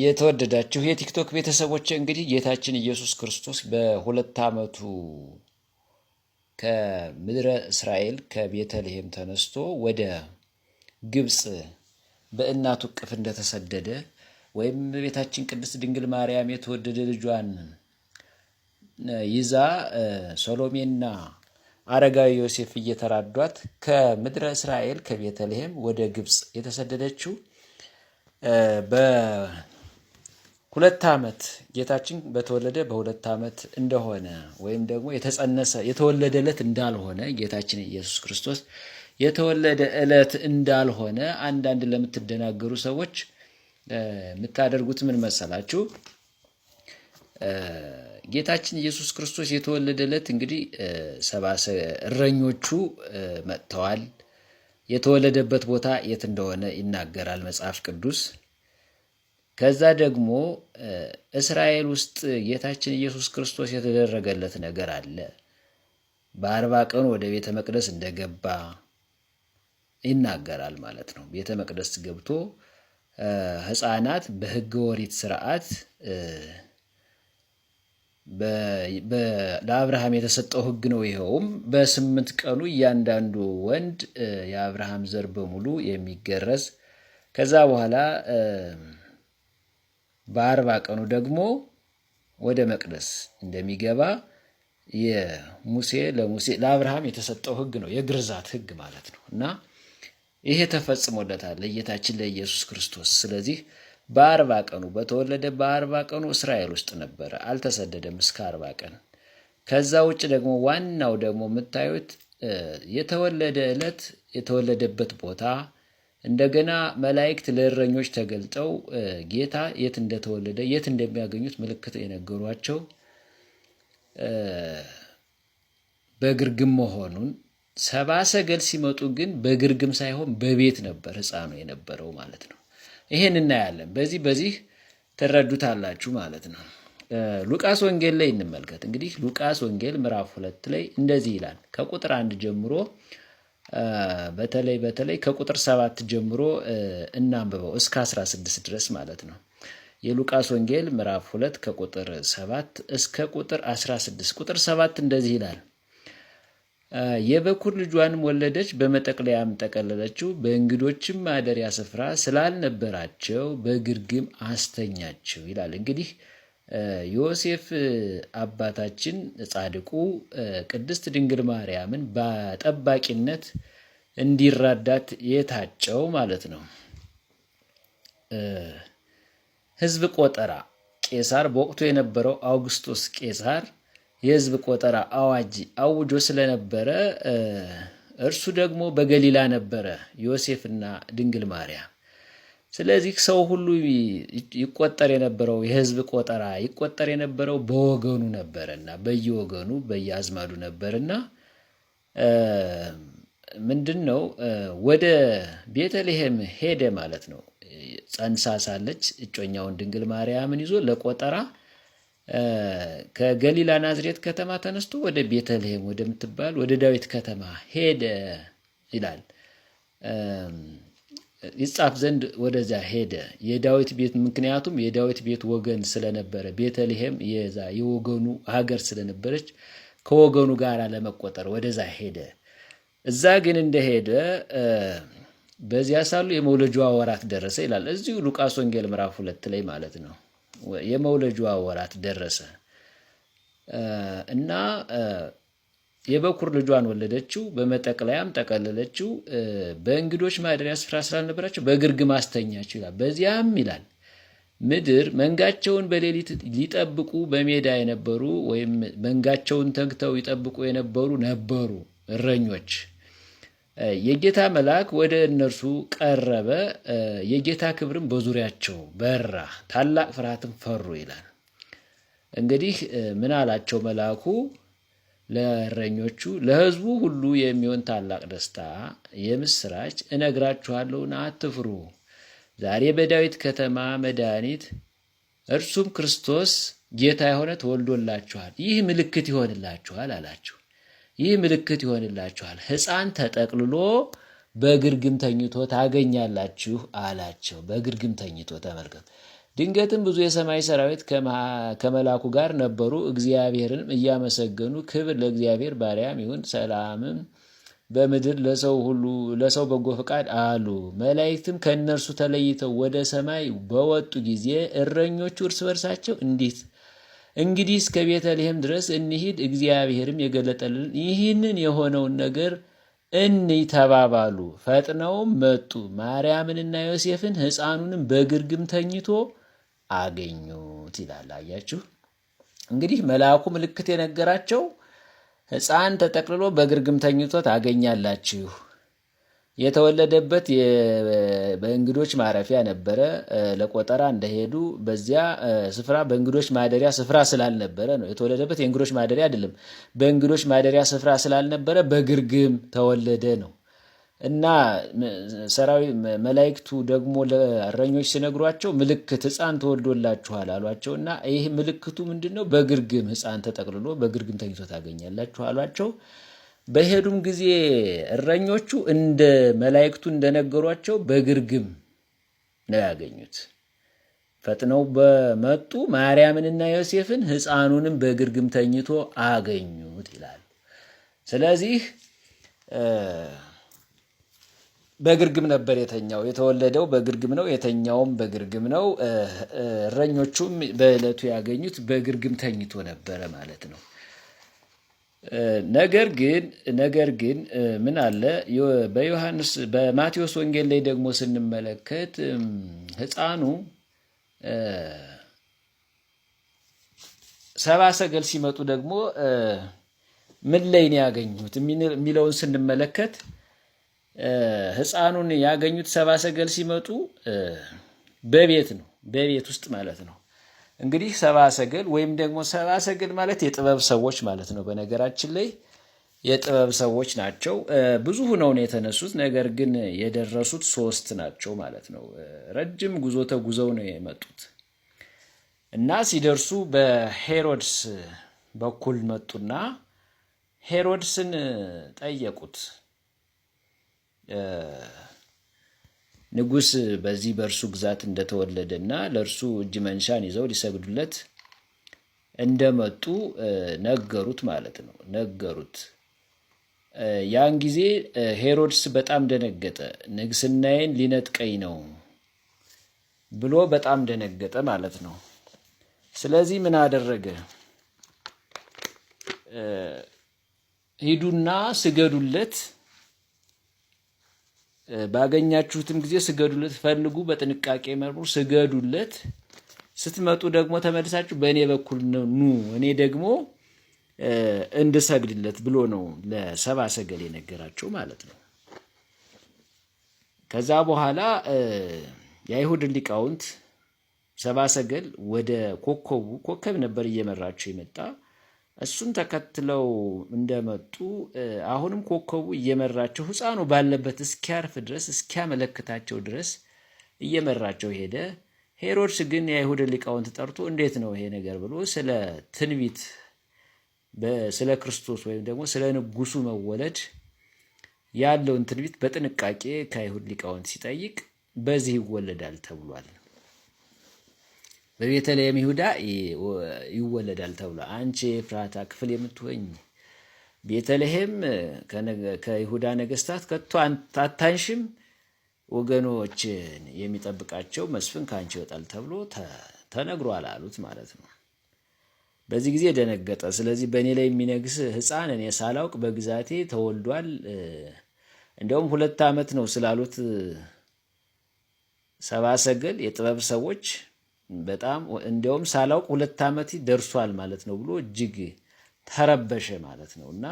የተወደዳችሁ የቲክቶክ ቤተሰቦች እንግዲህ ጌታችን ኢየሱስ ክርስቶስ በሁለት ዓመቱ ከምድረ እስራኤል ከቤተልሔም ተነስቶ ወደ ግብፅ በእናቱ እቅፍ እንደተሰደደ ወይም ቤታችን ቅድስት ድንግል ማርያም የተወደደ ልጇን ይዛ ሶሎሜና አረጋዊ ዮሴፍ እየተራዷት ከምድረ እስራኤል ከቤተልሔም ወደ ግብፅ የተሰደደችው ሁለት ዓመት ጌታችን በተወለደ በሁለት ዓመት እንደሆነ ወይም ደግሞ የተጸነሰ የተወለደ እንዳልሆነ ጌታችን ኢየሱስ ክርስቶስ የተወለደ ዕለት እንዳልሆነ አንዳንድ ለምትደናገሩ ሰዎች የምታደርጉት ምን መሰላችሁ? ጌታችን ኢየሱስ ክርስቶስ የተወለደ ዕለት እንግዲህ ሰባሰ እረኞቹ መጥተዋል። የተወለደበት ቦታ የት እንደሆነ ይናገራል መጽሐፍ ቅዱስ። ከዛ ደግሞ እስራኤል ውስጥ ጌታችን ኢየሱስ ክርስቶስ የተደረገለት ነገር አለ። በአርባ ቀን ወደ ቤተ መቅደስ እንደገባ ይናገራል ማለት ነው። ቤተ መቅደስ ገብቶ ሕፃናት በሕገ ወሪት ስርዓት ለአብርሃም የተሰጠው ሕግ ነው። ይኸውም በስምንት ቀኑ እያንዳንዱ ወንድ የአብርሃም ዘር በሙሉ የሚገረዝ ከዛ በኋላ በአርባ ቀኑ ደግሞ ወደ መቅደስ እንደሚገባ የሙሴ ለሙሴ ለአብርሃም የተሰጠው ህግ ነው። የግርዛት ህግ ማለት ነው እና ይሄ ተፈጽሞለታል ለጌታችን ለኢየሱስ ክርስቶስ። ስለዚህ በአርባ ቀኑ በተወለደ በአርባ ቀኑ እስራኤል ውስጥ ነበረ፣ አልተሰደደም እስከ አርባ ቀን። ከዛ ውጭ ደግሞ ዋናው ደግሞ የምታዩት የተወለደ ዕለት የተወለደበት ቦታ እንደገና መላእክት ለእረኞች ተገልጠው ጌታ የት እንደተወለደ የት እንደሚያገኙት ምልክት የነገሯቸው በግርግም መሆኑን ሰባ ሰገል ሲመጡ ግን በግርግም ሳይሆን በቤት ነበር ህፃኑ የነበረው ማለት ነው። ይሄን እናያለን። በዚህ በዚህ ትረዱታላችሁ ማለት ነው። ሉቃስ ወንጌል ላይ እንመልከት። እንግዲህ ሉቃስ ወንጌል ምዕራፍ ሁለት ላይ እንደዚህ ይላል ከቁጥር አንድ ጀምሮ በተለይ በተለይ ከቁጥር ሰባት ጀምሮ እናንብበው እስከ 16 ድረስ ማለት ነው። የሉቃስ ወንጌል ምዕራፍ ሁለት ከቁጥር ሰባት እስከ ቁጥር 16። ቁጥር ሰባት እንደዚህ ይላል የበኩር ልጇንም ወለደች፣ በመጠቅለያም ጠቀለለችው፣ በእንግዶችም ማደሪያ ስፍራ ስላልነበራቸው በግርግም አስተኛችው ይላል እንግዲህ ዮሴፍ አባታችን ጻድቁ ቅድስት ድንግል ማርያምን በጠባቂነት እንዲራዳት የታጨው ማለት ነው። ሕዝብ ቆጠራ ቄሳር በወቅቱ የነበረው አውግስቶስ ቄሳር የሕዝብ ቆጠራ አዋጅ አውጆ ስለነበረ እርሱ ደግሞ በገሊላ ነበረ ዮሴፍና ድንግል ማርያም ስለዚህ ሰው ሁሉ ይቆጠር የነበረው የህዝብ ቆጠራ ይቆጠር የነበረው በወገኑ ነበረና በየወገኑ በየአዝማዱ ነበርና ምንድን ነው ወደ ቤተልሔም ሄደ ማለት ነው። ጸንሳ ሳለች እጮኛውን ድንግል ማርያምን ይዞ ለቆጠራ ከገሊላ ናዝሬት ከተማ ተነስቶ ወደ ቤተልሔም ወደምትባል ወደ ዳዊት ከተማ ሄደ ይላል። ይጻፍ ዘንድ ወደዚያ ሄደ። የዳዊት ቤት ምክንያቱም የዳዊት ቤት ወገን ስለነበረ ቤተልሔም የዛ የወገኑ ሀገር ስለነበረች ከወገኑ ጋር ለመቆጠር ወደዛ ሄደ። እዛ ግን እንደሄደ በዚያ ሳሉ የመውለጃዋ ወራት ደረሰ ይላል። እዚሁ ሉቃስ ወንጌል ምዕራፍ ሁለት ላይ ማለት ነው። የመውለጃዋ ወራት ደረሰ እና የበኩር ልጇን ወለደችው፣ በመጠቅለያም ጠቀለለችው። በእንግዶች ማደሪያ ስፍራ ስላልነበራቸው በግርግ ማስተኛቸው ይላል። በዚያም ይላል ምድር መንጋቸውን በሌሊት ሊጠብቁ በሜዳ የነበሩ ወይም መንጋቸውን ተግተው ይጠብቁ የነበሩ ነበሩ እረኞች። የጌታ መልአክ ወደ እነርሱ ቀረበ፣ የጌታ ክብርም በዙሪያቸው በራ፣ ታላቅ ፍርሃትም ፈሩ ይላል። እንግዲህ ምን አላቸው መልአኩ? ለእረኞቹ ለህዝቡ ሁሉ የሚሆን ታላቅ ደስታ የምስራች እነግራችኋለሁና አትፍሩ። ዛሬ በዳዊት ከተማ መድኃኒት እርሱም ክርስቶስ ጌታ የሆነ ተወልዶላችኋል። ይህ ምልክት ይሆንላችኋል አላቸው። ይህ ምልክት ይሆንላችኋል፣ ሕፃን ተጠቅልሎ በግርግም ተኝቶ ታገኛላችሁ አላቸው። በግርግም ተኝቶ ተመልከቱ። ድንገትም ብዙ የሰማይ ሰራዊት ከመላኩ ጋር ነበሩ። እግዚአብሔርንም እያመሰገኑ ክብር ለእግዚአብሔር ባሪያም ይሁን ሰላምም በምድር ለሰው ሁሉ ለሰው በጎ ፈቃድ አሉ። መላእክትም ከእነርሱ ተለይተው ወደ ሰማይ በወጡ ጊዜ እረኞቹ እርስ በርሳቸው እንዲት እንግዲህ እስከ ቤተልሔም ድረስ እንሂድ፣ እግዚአብሔርም የገለጠልን ይህንን የሆነውን ነገር እንይ ተባባሉ። ፈጥነውም መጡ። ማርያምንና ዮሴፍን ሕፃኑንም በግርግም ተኝቶ አገኙት ይላል። አያችሁ እንግዲህ መልአኩ ምልክት የነገራቸው ሕፃን ተጠቅልሎ በግርግም ተኝቶ ታገኛላችሁ። የተወለደበት በእንግዶች ማረፊያ ነበረ። ለቆጠራ እንደሄዱ በዚያ ስፍራ በእንግዶች ማደሪያ ስፍራ ስላልነበረ ነው። የተወለደበት የእንግዶች ማደሪያ አይደለም፣ በእንግዶች ማደሪያ ስፍራ ስላልነበረ በግርግም ተወለደ ነው። እና ሰራዊ መላእክቱ ደግሞ ለእረኞች ሲነግሯቸው ምልክት ሕፃን ተወልዶላችኋል አሏቸው። እና ይህ ምልክቱ ምንድን ነው? በግርግም ሕፃን ተጠቅልሎ በግርግም ተኝቶ ታገኛላችሁ አሏቸው። በሄዱም ጊዜ እረኞቹ እንደ መላእክቱ እንደነገሯቸው በግርግም ነው ያገኙት። ፈጥነው በመጡ ማርያምንና ዮሴፍን ሕፃኑንም በግርግም ተኝቶ አገኙት ይላሉ። ስለዚህ በግርግም ነበር የተኛው። የተወለደው በግርግም ነው፣ የተኛውም በግርግም ነው። እረኞቹም በዕለቱ ያገኙት በግርግም ተኝቶ ነበረ ማለት ነው። ነገር ግን ነገር ግን ምን አለ በዮሐንስ በማቴዎስ ወንጌል ላይ ደግሞ ስንመለከት ሕፃኑ ሰባ ሰገል ሲመጡ ደግሞ ምን ላይ ነው ያገኙት የሚለውን ስንመለከት ህፃኑን ያገኙት ሰባ ሰገል ሲመጡ በቤት ነው፣ በቤት ውስጥ ማለት ነው። እንግዲህ ሰባ ሰገል ወይም ደግሞ ሰባሰገል ሰገል ማለት የጥበብ ሰዎች ማለት ነው። በነገራችን ላይ የጥበብ ሰዎች ናቸው። ብዙ ሁነው ነው የተነሱት። ነገር ግን የደረሱት ሶስት ናቸው ማለት ነው። ረጅም ጉዞ ተጉዘው ነው የመጡት እና ሲደርሱ በሄሮድስ በኩል መጡና ሄሮድስን ጠየቁት። ንጉስ በዚህ በእርሱ ግዛት እንደተወለደና ለእርሱ እጅ መንሻን ይዘው ሊሰግዱለት እንደመጡ ነገሩት ማለት ነው። ነገሩት። ያን ጊዜ ሄሮድስ በጣም ደነገጠ። ንግስናዬን ሊነጥቀኝ ነው ብሎ በጣም ደነገጠ ማለት ነው። ስለዚህ ምን አደረገ? ሂዱና ስገዱለት ባገኛችሁትም ጊዜ ስገዱለት፣ ፈልጉ፣ በጥንቃቄ መርምሩ፣ ስገዱለት። ስትመጡ ደግሞ ተመልሳችሁ በእኔ በኩል ኑ፣ እኔ ደግሞ እንድሰግድለት ብሎ ነው ለሰባ ሰገል የነገራቸው ማለት ነው። ከዛ በኋላ የአይሁድ ሊቃውንት ሰባ ሰገል ወደ ኮከቡ ኮከብ ነበር እየመራቸው የመጣ እሱን ተከትለው እንደመጡ አሁንም ኮከቡ እየመራቸው ህፃኑ ባለበት እስኪያርፍ ድረስ እስኪያመለክታቸው ድረስ እየመራቸው ሄደ። ሄሮድስ ግን የአይሁድ ሊቃውንት ጠርቶ እንዴት ነው ይሄ ነገር ብሎ ስለ ትንቢት ስለ ክርስቶስ ወይም ደግሞ ስለ ንጉሱ መወለድ ያለውን ትንቢት በጥንቃቄ ከአይሁድ ሊቃውንት ሲጠይቅ በዚህ ይወለዳል ተብሏል። በቤተልሔም ይሁዳ ይወለዳል ተብሎ አንቺ ፍራታ ክፍል የምትሆኝ ቤተልሔም ከይሁዳ ነገስታት ከቶ አታንሽም፣ ወገኖችን የሚጠብቃቸው መስፍን ከአንቺ ይወጣል ተብሎ ተነግሯል አሉት ማለት ነው። በዚህ ጊዜ ደነገጠ። ስለዚህ በእኔ ላይ የሚነግስ ሕፃን እኔ ሳላውቅ በግዛቴ ተወልዷል። እንደውም ሁለት ዓመት ነው ስላሉት ሰባ ሰገል የጥበብ ሰዎች በጣም እንዲያውም ሳላውቅ ሁለት ዓመት ደርሷል ማለት ነው ብሎ እጅግ ተረበሸ ማለት ነው እና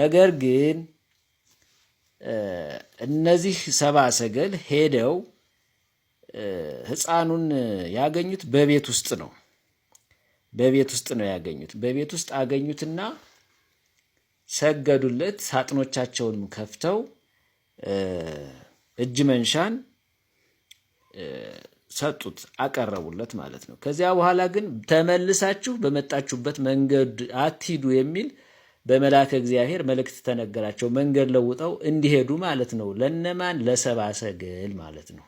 ነገር ግን እነዚህ ሰባ ሰገል ሄደው ህፃኑን ያገኙት በቤት ውስጥ ነው። በቤት ውስጥ ነው ያገኙት። በቤት ውስጥ አገኙትና ሰገዱለት። ሳጥኖቻቸውንም ከፍተው እጅ መንሻን ሰጡት፣ አቀረቡለት ማለት ነው። ከዚያ በኋላ ግን ተመልሳችሁ በመጣችሁበት መንገድ አትሂዱ የሚል በመላከ እግዚአብሔር መልእክት ተነገራቸው። መንገድ ለውጠው እንዲሄዱ ማለት ነው። ለነማን? ለሰባሰግል ሰገል ማለት ነው።